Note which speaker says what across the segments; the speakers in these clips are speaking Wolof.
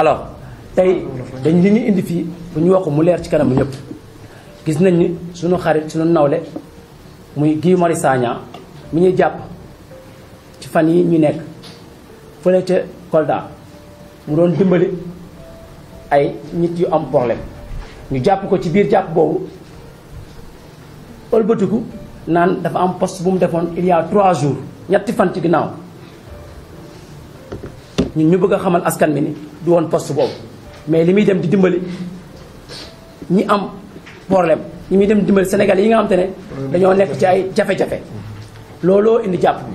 Speaker 1: alors tey dañ li ñu indi fii bu ñu wax mu leer ci kanam ñëpp gis nañ ni sunu xarit suñu nawle muy gii Marius Sagna mi ñuy jàpp ci fan yi ñu nekk fële ca Kolda mu doon dimbali ay nit yu am problème ñu jàpp ko ci biir jàpp boobu ëlbatiku naan dafa am poste bu mu defoon il y trois jours ñetti fan ci ginnaaw ñun ñu bëgg xamal askan bi ni du woon poste boobu mais li muy dem di dimbali ñi am problème ñi muy dem dimbali Sénégal yi nga xam te ne dañoo nekk ci ay jafe-jafe looloo indi jàpp bi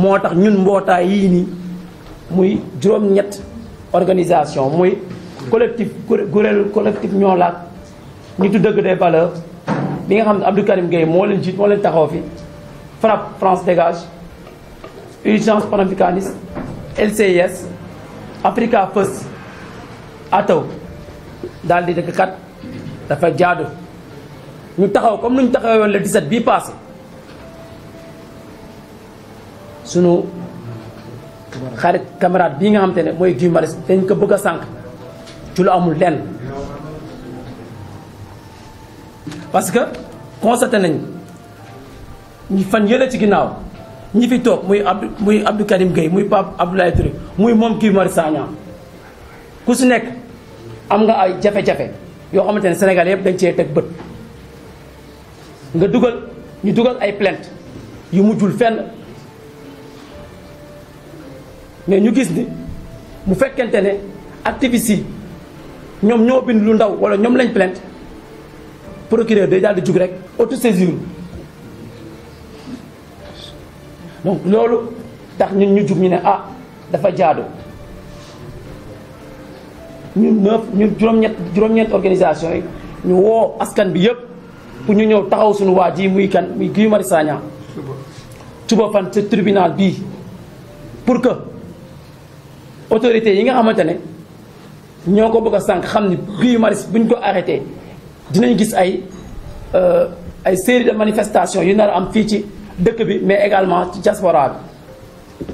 Speaker 1: moo tax ñun mbootaay yi nii muy juróom-ñett organisation muy collectif kuréel collectif ñoo laat ñu tudd dëgg de valeurs bi nga xam ne Abdou Karim Gueye moo leen jiit moo leen taxaw fi FRAPP France dégage urgence panafricaniste LCS Africa First Ato dal di dëkk kat dafa jaadu ñu taxaw comme nuñ taxawee woon le 17 bi passé sunu xarit camarade bi nga xam te ne maris dañ ko bëgg ci lu amul lenn parce que constaté nañ ñu fan yele ci ñi fi toog muy Abdou muy Abdou Karim Gueye muy Pape Abdoulaye Touré muy moom kii Mari Sagna ku si nekk am nga ay jafe-jafe yoo xamante ne Sénégal yëpp dañ cee teg bët nga dugal ñu dugal ay plainte yu mujjul fenn mais ñu gis ni mu fekkente ne activistes yi ñoom ñoo bind lu ndaw wala ñoom lañ plainte procureur day daal di jug rek auto-saisine donc lolu tax ñun ñu jup ñu ne ah dafa jaadu ñu neuf ñu juroom ñet juroom ñet organisation yi ñu wo askan bi yëpp pour ñu ñëw taxaw suñu waji muy kan muy Guy Marius tuba suba fan ci tribunal bi pour que autorité yi nga xamantene ñoko bëgg a xamni Guy Marius buñ ko arrêté dinañ gis ay euh, ay série de manifestation yu nar am fi ci dëkk bi mais également ci diaspora bi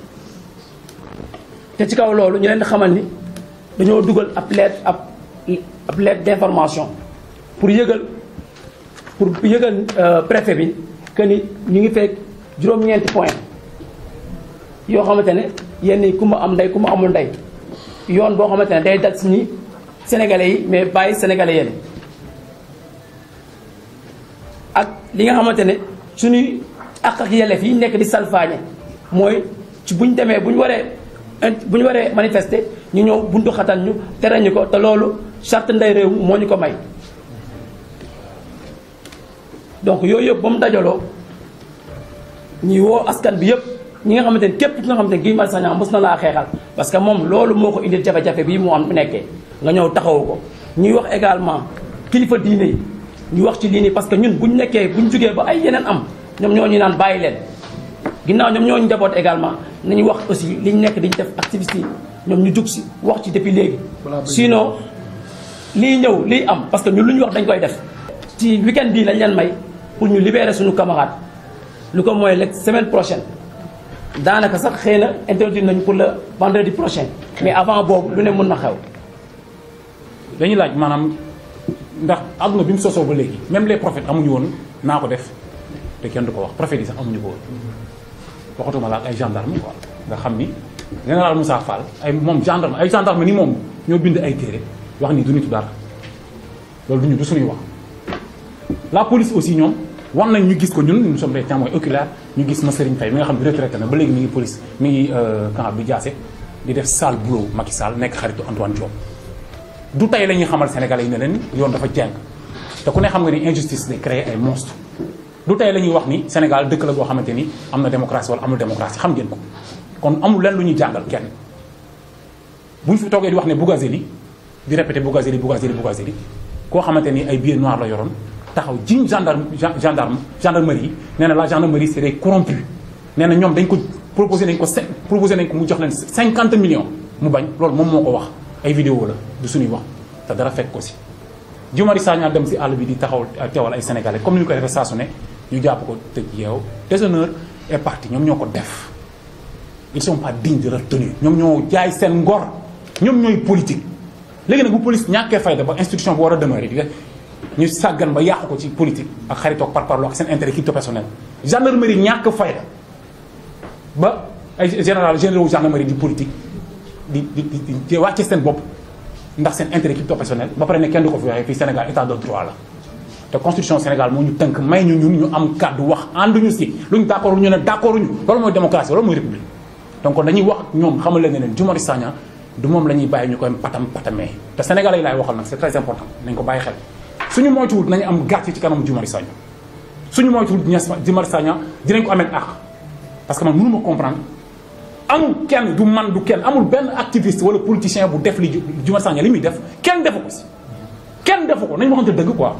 Speaker 1: te ci kaw loolu ñu leen xamal ni dañoo dugal ab lettre ab ab lettre d'information pour yëgal pour yëgal euh, préfet bi que ni ñu ngi fekk juróom-ñeenti point yoo xamante ne yenn ku mu am ndey ku mu amul ndey yoon boo xamante ne day dal si ñi sénégalais yi mais bàyyi sénégalais yéen li nga xamante ne suñuy ak ak yelleef yi nekk di salfaañe mooy ci bu ñu demee bu ñu waree bu ñu waree manifester ñu ñëw buntu xatan ñu tere ñu ko te loolu charte ndey réew moo ñu ko may. donc yooyu yëpp ba mu dajaloo ñuy woo askan bi yëpp ñi nga xamante ne képp ki nga xamante ne Guy Marius Sagna mës na laa xeexal parce que moom loolu moo ko indil jafe-jafe bii moo am mu nekkee nga ñëw taxawu ko ñuy wax également kilifa diine yi ñu wax ci lii nii parce que ñun bu ñu nekkee bu ñu jugee ay yeneen am. ñoom ñoo ñu naan bàyyi leen ginnaaw ñoom ñoo ñu njaboot également nañu wax aussi li ñu nekk di ñu def activité ñoom ñu jug si wax ci depuis léegi. sinon lii ñëw lii am parce que ñun lu ñu wax dañ koy def. ci weekend bii lañ leen may pour ñu libérer suñu camarade lu ko mooy la semaine prochaine daanaka sax xëy na introduire nañu pour le vendredi prochain. mais avant boobu lu ne mën na xew. dañuy laaj maanaam
Speaker 2: ndax àdduna bi mu sosoo ba léegi même la profit amuñu woon naa ko def. te kenn du ko wax prophète yi sax amuñu ko woon waxatuma la ay gendarme quoi nga xam ni général Moussa Fall ay moom gendarme ay gendarme ni moom ñoo bind ay téere wax ni du nitu dara loolu du ñu du suñuy wax la police aussi ñoom war nañ ñu gis ko ñun nous sommes des témoins oculaires ñu gis ma Serigne Faye mi nga xam ne retraité na ba léegi mi ngi police mi ngi euh, camp bi Diassé di def sale boulot Macky Sall nekk xaritu Antoine Diop du tey la xamal Sénégalais yi ne leen dafa jàng te ku ne xam nga ay monstres du tey la wax ni Sénégal dëkk la boo xamante ni am na démocratie wala amul démocratie xam ngeen ko kon amul lenn lu ñuy jàngal kenn bu ñu fi toogee di wax ne Bougazeli di répété Bougazeli Bougazeli Bougazeli koo xamante ni ay billets noirs la yoroon taxaw jiñ gendarme gendarme gendarmerie yi nee na la gendarmerie c'est des corrompus nee na ñoom dañ ko proposé nañ ko se proposé nañ ko mu jox leen cinquante million mu bañ loolu moom moo ko wax ay vidéo la du suñuy wax te dara fekk ko si Guy Marius Sagna dem si àll bi di taxaw teewal ay sénégalais comme ni ñu koy defee saa su Ils ne sont pas Ils ne sont parti ils de ils sont pas dignes de leur tenue ñoom ñoo jaay Ils ngor ñoom politique bu police Ils fayda ba institution bu a Ils ne ñu de ba yàqu ci politique ak pas parparloo ak intérêt personnel gendarmerie général généraux gendarmerie di politique di di di Ils ndax Ils intérêt crypto personnel ba Ils ne kenn du ko fi waxee Sénégal état de droit te constitution Sénégal moo ñu tënk may ñu ñun ñu am kàddu wax ànduñu si luñ d' accord ñu ne d' accord ñu loolu mooy démocratie loolu mooy république donc kon dañuy wax ñoom xamal leen ne leen Guy Sagna du moom la ñuy bàyyi ñu koy patam patamee te Sénégalais yi laay waxal nag c' est très important bàyyi xel suñu moytuwul nañu am gàcce ci kanam Guy Sagna suñu moytuwul Guy Sagna dinañ ko amee ak parce que man mënu ma comprendre amul kenn du man du kenn amul benn activiste wala politicien bu def li Guy Sagna li muy def kenn defu ko si kenn defu ko nañ waxante dëgg quoi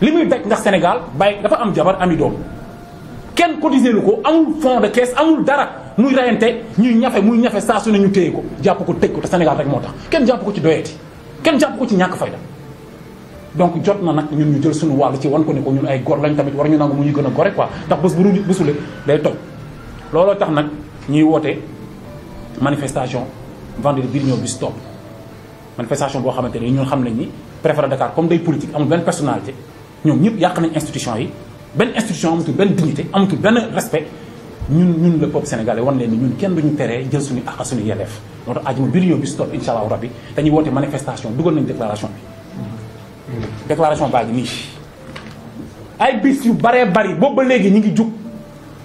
Speaker 2: Limite daj ndax Sénégal dafa am jabar ami doom kenn ko amul fond de caisse amul dara muy rayante ñuy ñafe muy ñafe sa su ñu téyé ko japp ko ko te Sénégal rek motax kenn ko ci ko ci fayda donc ñun ñu jël suñu ci ko ne ko ñun ay gor lañ tamit war ñu mu ñu quoi tax manifestation vendredi bi manifestation bo ñun xam nañ ni Dakar comme politique amul personnalité ñoom ñëpp yàq nañ institution yi benn institution amatul benn dignité amatul benn respect ñun ñun le peuple sénégalais wan leen ni ñun kenn duñu teree jël suñu ak suñu yelleef moo tax ajuma biir yow bi si topp insha allahu rabbi dañuy woote manifestation dugal nañ déclaration
Speaker 1: bi
Speaker 2: déclaration baa ngi nii ay bis yu bare bari boobu ba léegi ñu ngi jug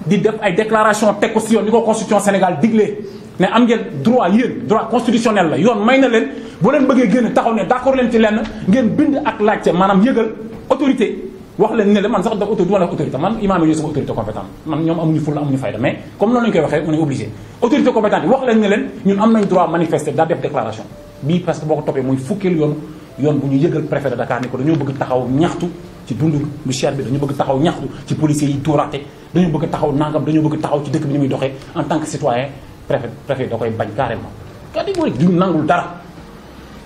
Speaker 2: di def ay déclaration teg ko si yoon ni ko constitution Sénégal diglee ne am ngeen droit yéen droit constitutionnel la yoon may na leen boo leen bëggee génn taxaw ne d'accord leen ci lenn ngeen bind ak laajte maanaam yëgal autorité wax leen ne la man sax da auto du ma autorité man imam yooyu sama autorité compétente man ñoom amuñu ful amuñu fayda mais comme noonu lañ koy waxee on est obligé autorité compétente wax leen ne leen ñun am nañ droit manifester daa def déclaration bii parce que boo ko toppee muy fukkeelu yoon yoon bu ñu yëgal préfet de Dakar ni ko dañoo bëgg taxaw ñaxtu ci dund lu cher bi dañu bëgg taxaw ñaxtu ci policiers yi tuuraate dañu bëgg taxaw nangam dañu bëgg taxaw ci dëkk bi ni muy doxee en tant que citoyen préfet préfet da koy bañ carrément catégorique duñu nangul dara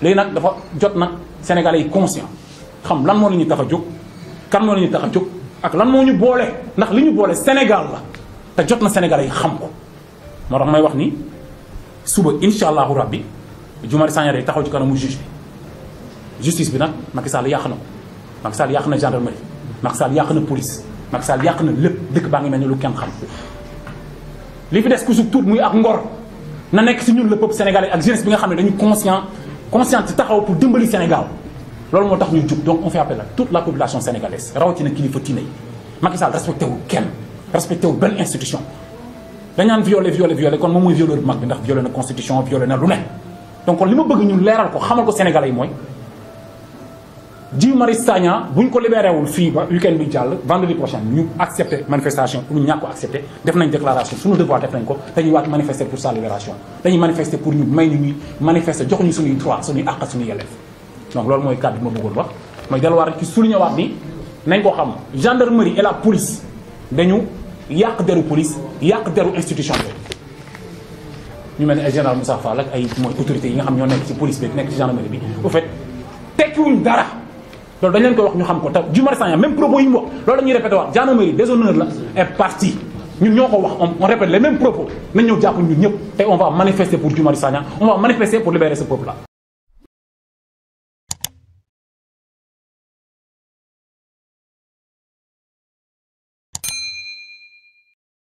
Speaker 2: léegi nag dafa jot nag sénégalais yi conscient xam lan moo la ñu tax a jóg kan moo la ñu tax a jóg ak lan moo ñu boole ndax li ñu boole Sénégal la te jot na Sénégalais yi xam ko moo tax may wax ni suba incha allahu rabbi Guy Marius taxaw ci kanamu juge bi justice bi nag Macky Sall yàq na ko Macky Sall yàq na gendarmerie Macky Sall yàq na police Macky Sall yàq na lépp dëkk baa ngi mel ni lu kenn xam li fi des ku sub tuut muy ak ngor na nekk si ñun le peuple sénégalais ak jeunesse bi nga xam ne dañu conscient conscient ci taxaw pour dimbali Sénégal loolu motax ñu donc on fait appel à toute la population sénégalaise rawatina kilifa diine yi Macky Sall respecté wu kenn respecté wu institutions. institution dañ violer, violer violer violé kon moom mooy violer bu mag ndax na constitution violer na lu ne donc kon li ma bëgg ñun léral ko xamal ko sénégalais moy mooy Guy buñ ko libéré wul fi ba week bi jall vendredi prochain ñu accepter manifestation pour ñu ñàkk ko accepté def nañ déclaration suñu devoir def nañ ko dañuy waat manifester pour sa libération dañuy manifester pour ñu may ñu manifester jox ñu suñu droit suñu ak suñu yelef donc loolu moy cadre bi ma wax mooy delluwaat rek ci souligner waat ni nañ ko xam gendarmerie et la police dañu yaq deru police yaq deru institution ñu mel ne général Moussa Fall ak ay moy autorité yi nga xam ñoo nekk ci police bi nekk ci gendarmerie bi au fait wuñ dara loolu dañ leen ko wax ñu xam ko te Guy Marius Sagna même propos yi mu wax loolu la répéter wax waat gendarmerie déshonneur la est parti ñun ñoo ko wax on répète les mêmes propos nañ ñëw jàpp ñun ñëpp te on va manifester pour Guy Marius Sagna
Speaker 1: on va manifester pour libérer ce peuple là